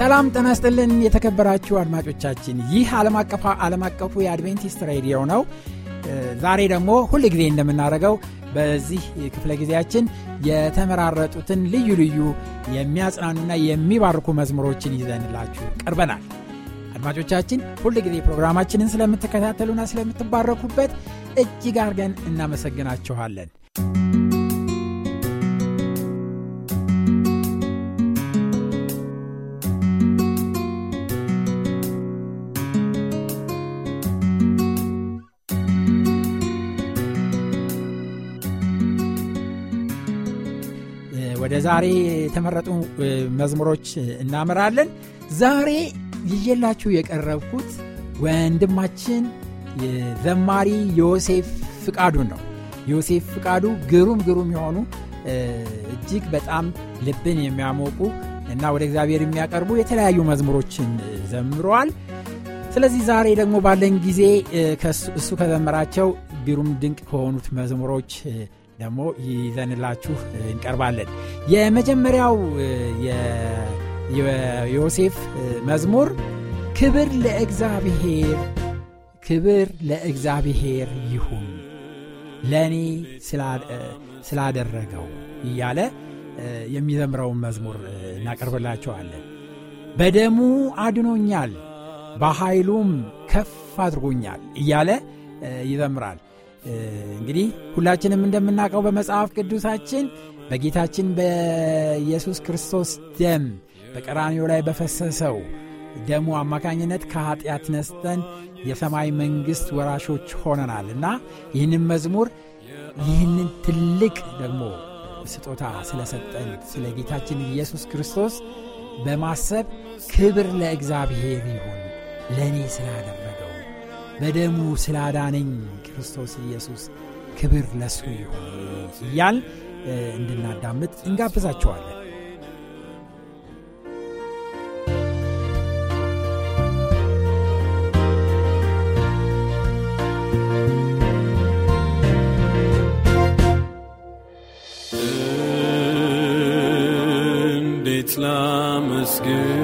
ሰላም ጤና የተከበራችሁ አድማጮቻችን፣ ይህ ዓለም አቀፉ የአድቬንቲስት ሬዲዮ ነው። ዛሬ ደግሞ ሁል ጊዜ እንደምናደርገው በዚህ ክፍለ ጊዜያችን የተመራረጡትን ልዩ ልዩ የሚያጽናኑና የሚባርኩ መዝሙሮችን ይዘንላችሁ ቀርበናል። አድማጮቻችን ሁል ጊዜ ፕሮግራማችንን ስለምትከታተሉና ስለምትባረኩበት እጅግ አርገን እናመሰግናችኋለን። ዛሬ የተመረጡ መዝሙሮች እናመራለን። ዛሬ ይዤላችሁ የቀረብኩት ወንድማችን ዘማሪ ዮሴፍ ፍቃዱን ነው። ዮሴፍ ፍቃዱ ግሩም ግሩም የሆኑ እጅግ በጣም ልብን የሚያሞቁ እና ወደ እግዚአብሔር የሚያቀርቡ የተለያዩ መዝሙሮችን ዘምረዋል። ስለዚህ ዛሬ ደግሞ ባለን ጊዜ እሱ ከዘመራቸው ግሩም ድንቅ ከሆኑት መዝሙሮች ደግሞ ይዘንላችሁ እንቀርባለን። የመጀመሪያው የዮሴፍ መዝሙር ክብር ለእግዚአብሔር ክብር ለእግዚአብሔር ይሁን ለእኔ ስላደረገው እያለ የሚዘምረውን መዝሙር እናቀርብላቸዋለን። በደሙ አድኖኛል፣ በኃይሉም ከፍ አድርጎኛል እያለ ይዘምራል። እንግዲህ ሁላችንም እንደምናውቀው በመጽሐፍ ቅዱሳችን በጌታችን በኢየሱስ ክርስቶስ ደም በቀራንዮ ላይ በፈሰሰው ደሙ አማካኝነት ከኀጢአት ነስተን የሰማይ መንግሥት ወራሾች ሆነናል እና ይህንን መዝሙር ይህንን ትልቅ ደግሞ ስጦታ ስለሰጠን ስለ ጌታችን ኢየሱስ ክርስቶስ በማሰብ ክብር ለእግዚአብሔር ይሁን ለእኔ ስላደረ በደሙ ስላዳነኝ ክርስቶስ ኢየሱስ ክብር ለሱ ይሁን እያል እንድናዳምጥ እንጋብዛችኋለን። good.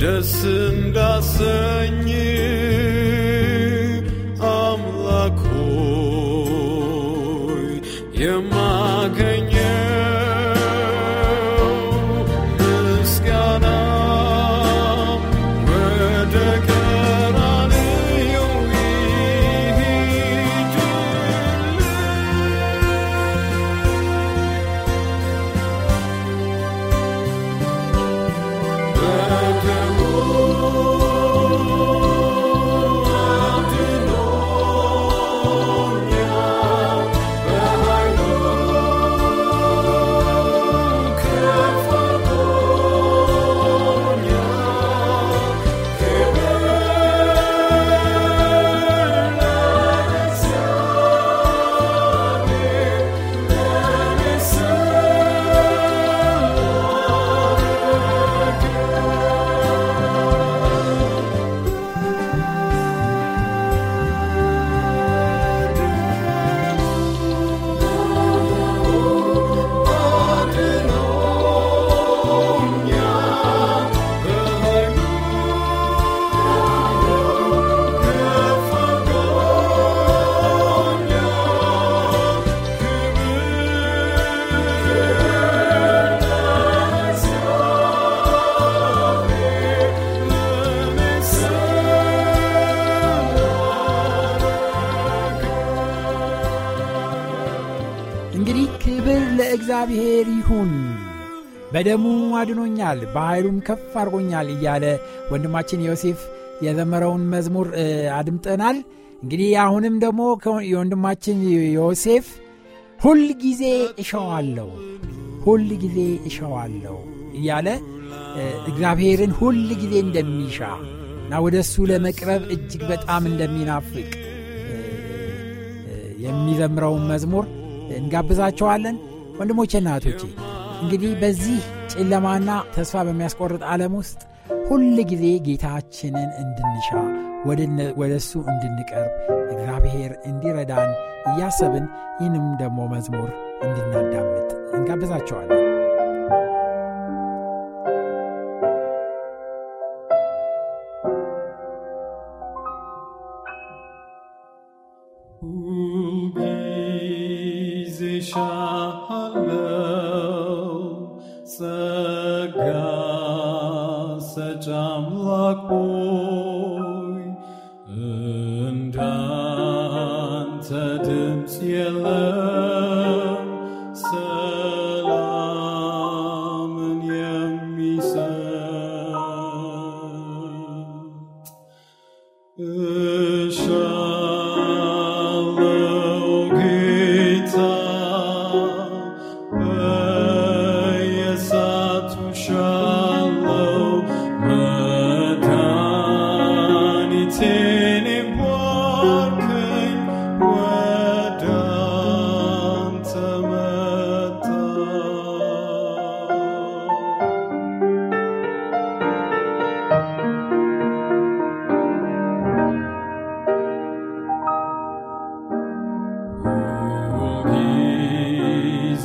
这次 በደሙ አድኖኛል፣ በኃይሉም ከፍ አድርጎኛል እያለ ወንድማችን ዮሴፍ የዘመረውን መዝሙር አድምጠናል። እንግዲህ አሁንም ደግሞ የወንድማችን ዮሴፍ ሁል ጊዜ እሸዋለሁ፣ ሁል ጊዜ እሸዋለሁ እያለ እግዚአብሔርን ሁል ጊዜ እንደሚሻ እና ወደ እሱ ለመቅረብ እጅግ በጣም እንደሚናፍቅ የሚዘምረውን መዝሙር እንጋብዛቸዋለን። ወንድሞቼና እህቶቼ እንግዲህ በዚህ ጨለማና ተስፋ በሚያስቆርጥ ዓለም ውስጥ ሁል ጊዜ ጌታችንን እንድንሻ ወደ እሱ እንድንቀርብ እግዚአብሔር እንዲረዳን እያሰብን ይህንም ደግሞ መዝሙር እንድናዳምጥ እንጋብዛቸዋለን። Lord.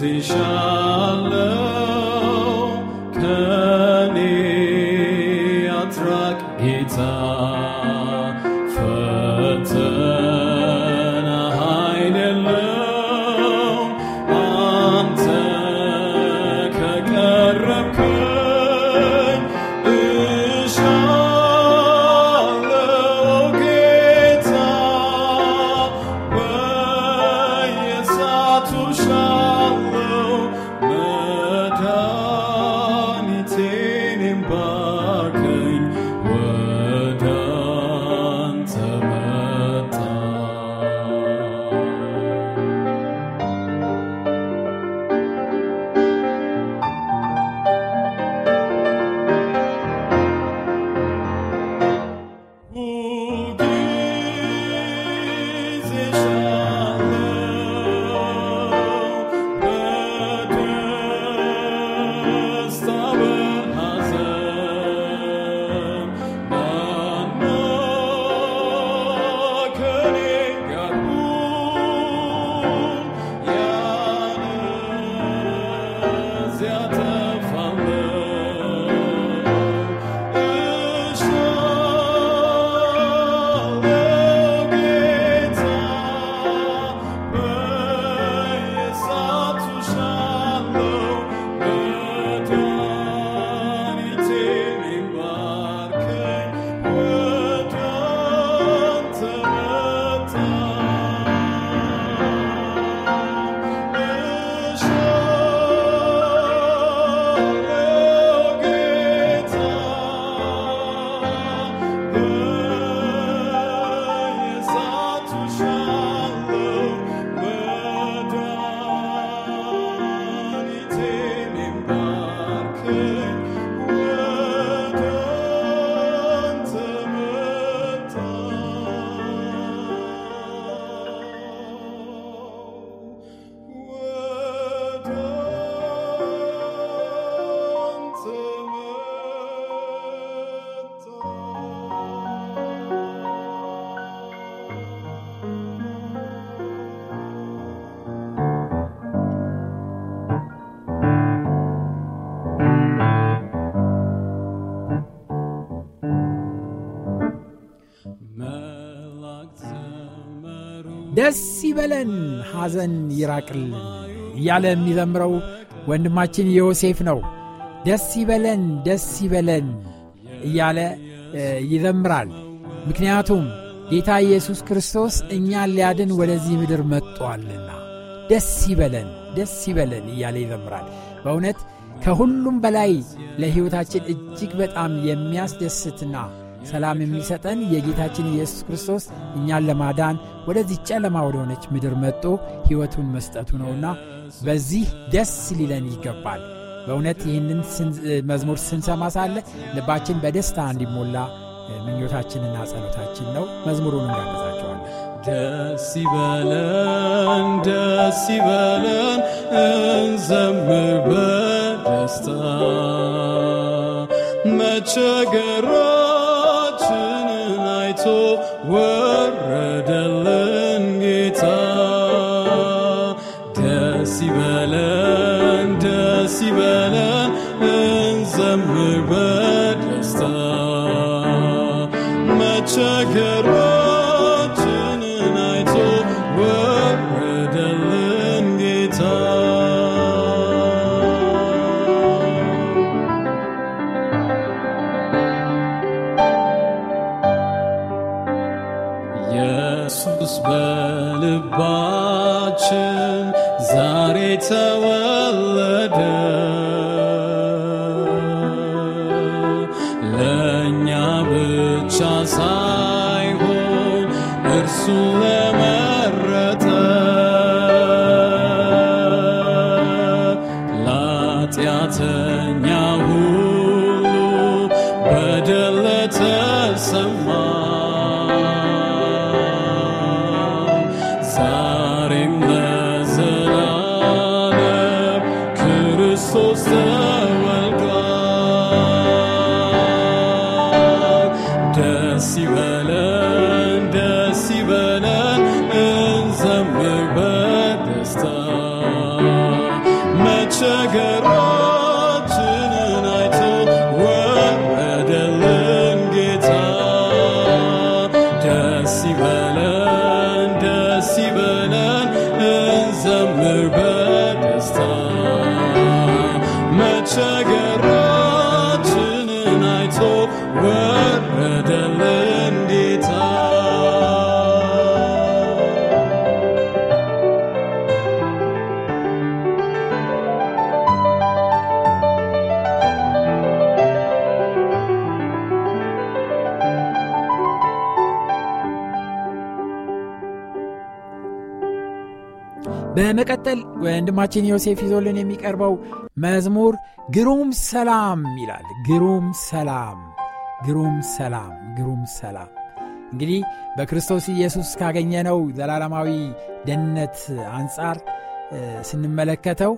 inşallah ደስ ይበለን ሐዘን ይራቅልን እያለ የሚዘምረው ወንድማችን ዮሴፍ ነው። ደስ ይበለን ደስ ይበለን እያለ ይዘምራል። ምክንያቱም ጌታ ኢየሱስ ክርስቶስ እኛን ሊያድን ወደዚህ ምድር መጥቷልና ደስ ይበለን ደስ ይበለን እያለ ይዘምራል። በእውነት ከሁሉም በላይ ለሕይወታችን እጅግ በጣም የሚያስደስትና ሰላም የሚሰጠን የጌታችን ኢየሱስ ክርስቶስ እኛን ለማዳን ወደዚህ ጨለማ ወደሆነች ምድር መጦ ሕይወቱን መስጠቱ ነውና በዚህ ደስ ሊለን ይገባል። በእውነት ይህንን መዝሙር ስንሰማ ሳለ ልባችን በደስታ እንዲሞላ ምኞታችንና ጸሎታችን ነው። መዝሙሩን እናበዛቸዋለን። ደስ ይበለን፣ ደስ ይበለን፣ እንዘምር በደስታ so word a በመቀጠል ወንድማችን ዮሴፍ ይዞልን የሚቀርበው መዝሙር ግሩም ሰላም ይላል። ግሩም ሰላም ግሩም ሰላም ግሩም ሰላም እንግዲህ በክርስቶስ ኢየሱስ ካገኘነው ዘላለማዊ ደህንነት አንጻር ስንመለከተው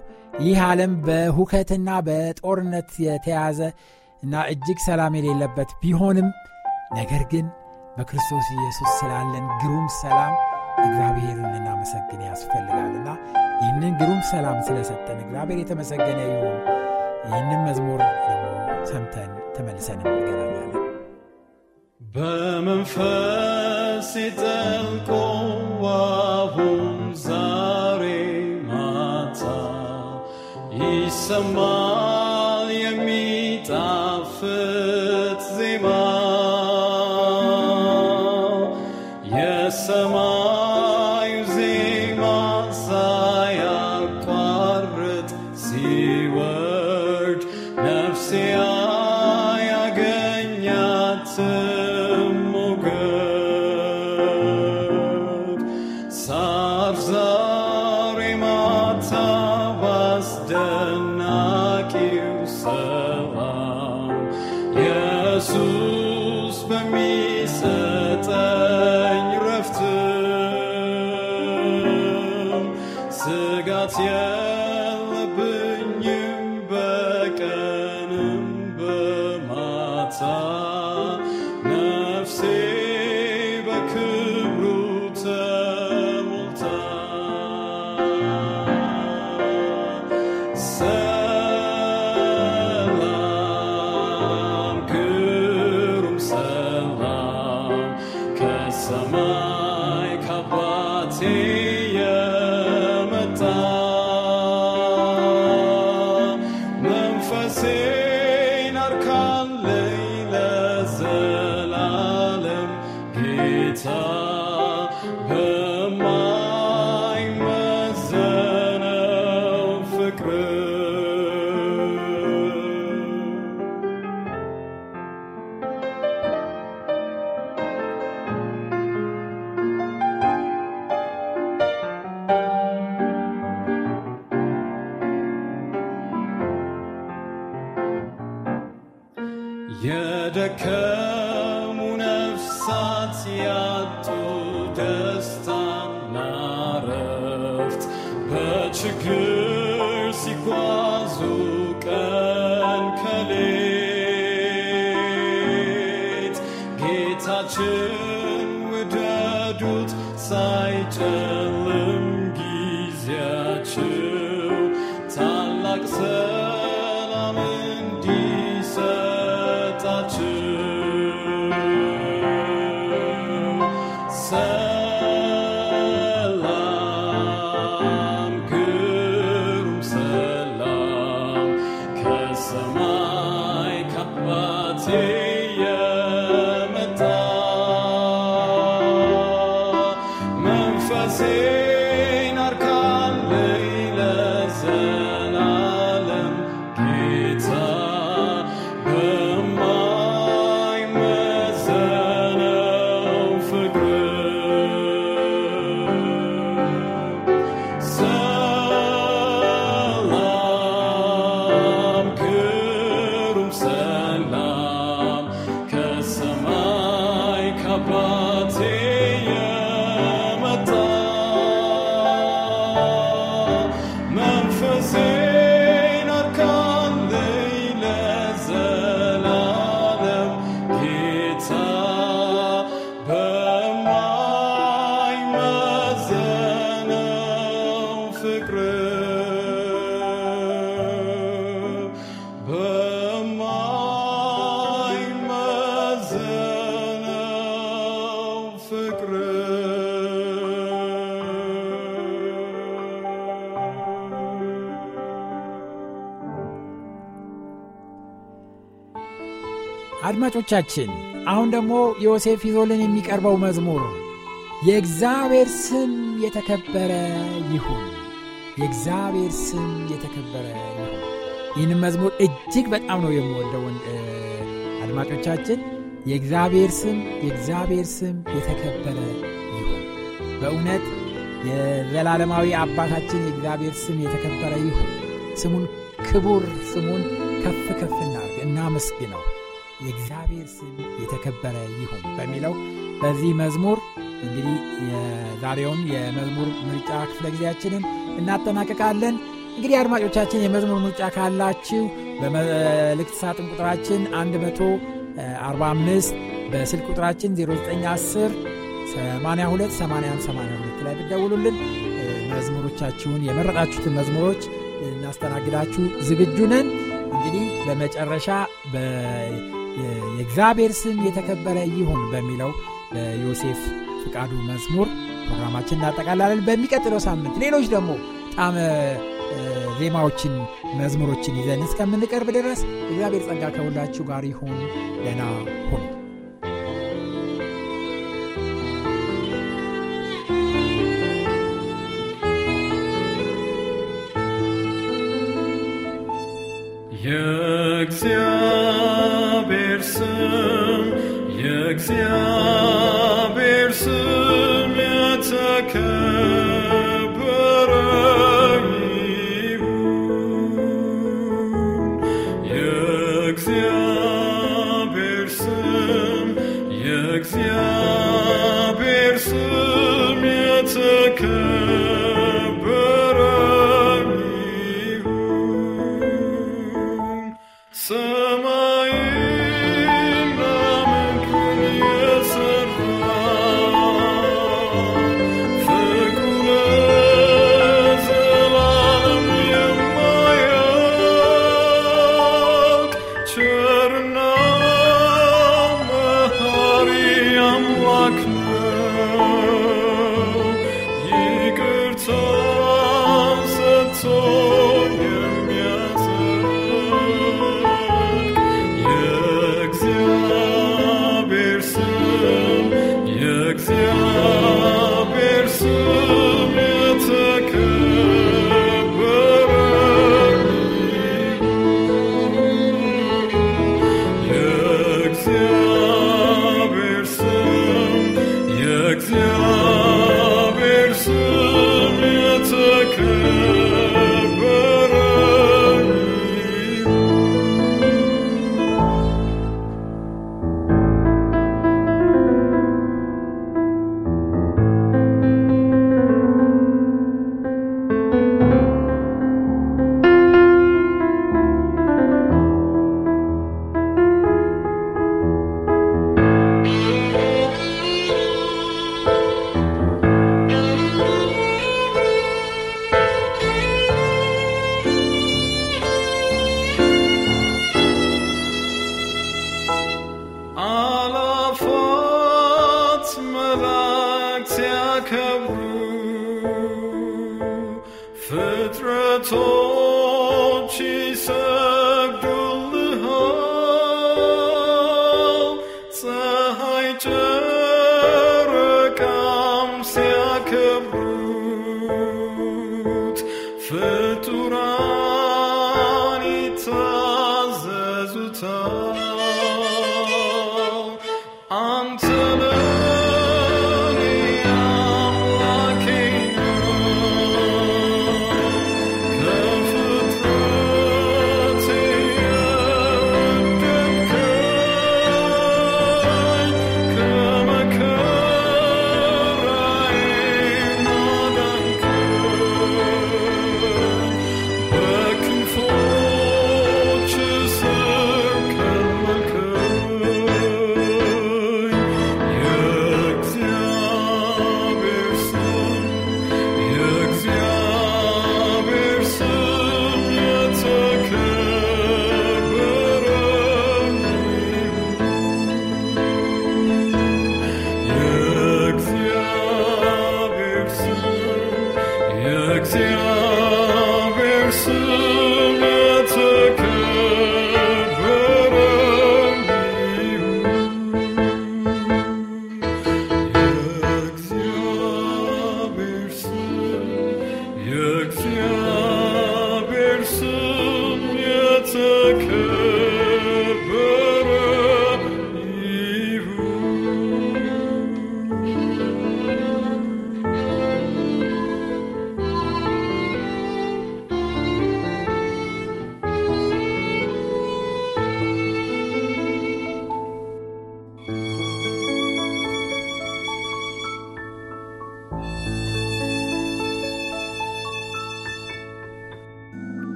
ይህ ዓለም በሁከትና በጦርነት የተያዘ እና እጅግ ሰላም የሌለበት ቢሆንም ነገር ግን በክርስቶስ ኢየሱስ ስላለን ግሩም ሰላም እግዚአብሔርን እናመሰግን ያስፈልጋልና ይህንን ግሩም ሰላም ስለሰጠን እግዚአብሔር የተመሰገነ ይሁን ይህንን መዝሙር ሰምተን ተመልሰን እንገናኛለን። በመንፈስ የጠልቆ አሁን ዛሬ ማታ ይሰማ Cygację አድማጮቻችን አሁን ደግሞ ዮሴፍ ይዞልን የሚቀርበው መዝሙር የእግዚአብሔር ስም የተከበረ ይሁን የእግዚአብሔር ስም የተከበረ ይሁን ይህንም መዝሙር እጅግ በጣም ነው የምወደውን አድማጮቻችን የእግዚአብሔር ስም የእግዚአብሔር ስም የተከበረ ይሁን በእውነት የዘላለማዊ አባታችን የእግዚአብሔር ስም የተከበረ ይሁን ስሙን ክቡር ስሙን ከፍ ከፍ እናርግ እናመስግነው የእግዚአብሔር ስም የተከበረ ይሁን በሚለው በዚህ መዝሙር እንግዲህ የዛሬውን የመዝሙር ምርጫ ክፍለ ጊዜያችንን እናጠናቀቃለን። እንግዲህ አድማጮቻችን የመዝሙር ምርጫ ካላችሁ በመልእክት ሳጥን ቁጥራችን 145 በስልክ ቁጥራችን 0910 828182 ላይ ብደውሉልን መዝሙሮቻችሁን የመረጣችሁትን መዝሙሮች እናስተናግዳችሁ ዝግጁ ነን። እንግዲህ በመጨረሻ የእግዚአብሔር ስም የተከበረ ይሁን በሚለው ዮሴፍ ፍቃዱ መዝሙር ፕሮግራማችን እናጠቃላለን። በሚቀጥለው ሳምንት ሌሎች ደግሞ ጣም ዜማዎችን፣ መዝሙሮችን ይዘን እስከምንቀርብ ድረስ እግዚአብሔር ጸጋ ከሁላችሁ ጋር ይሁን። ደህና ሁኑ። Yeah, Jackson, jak zjawił.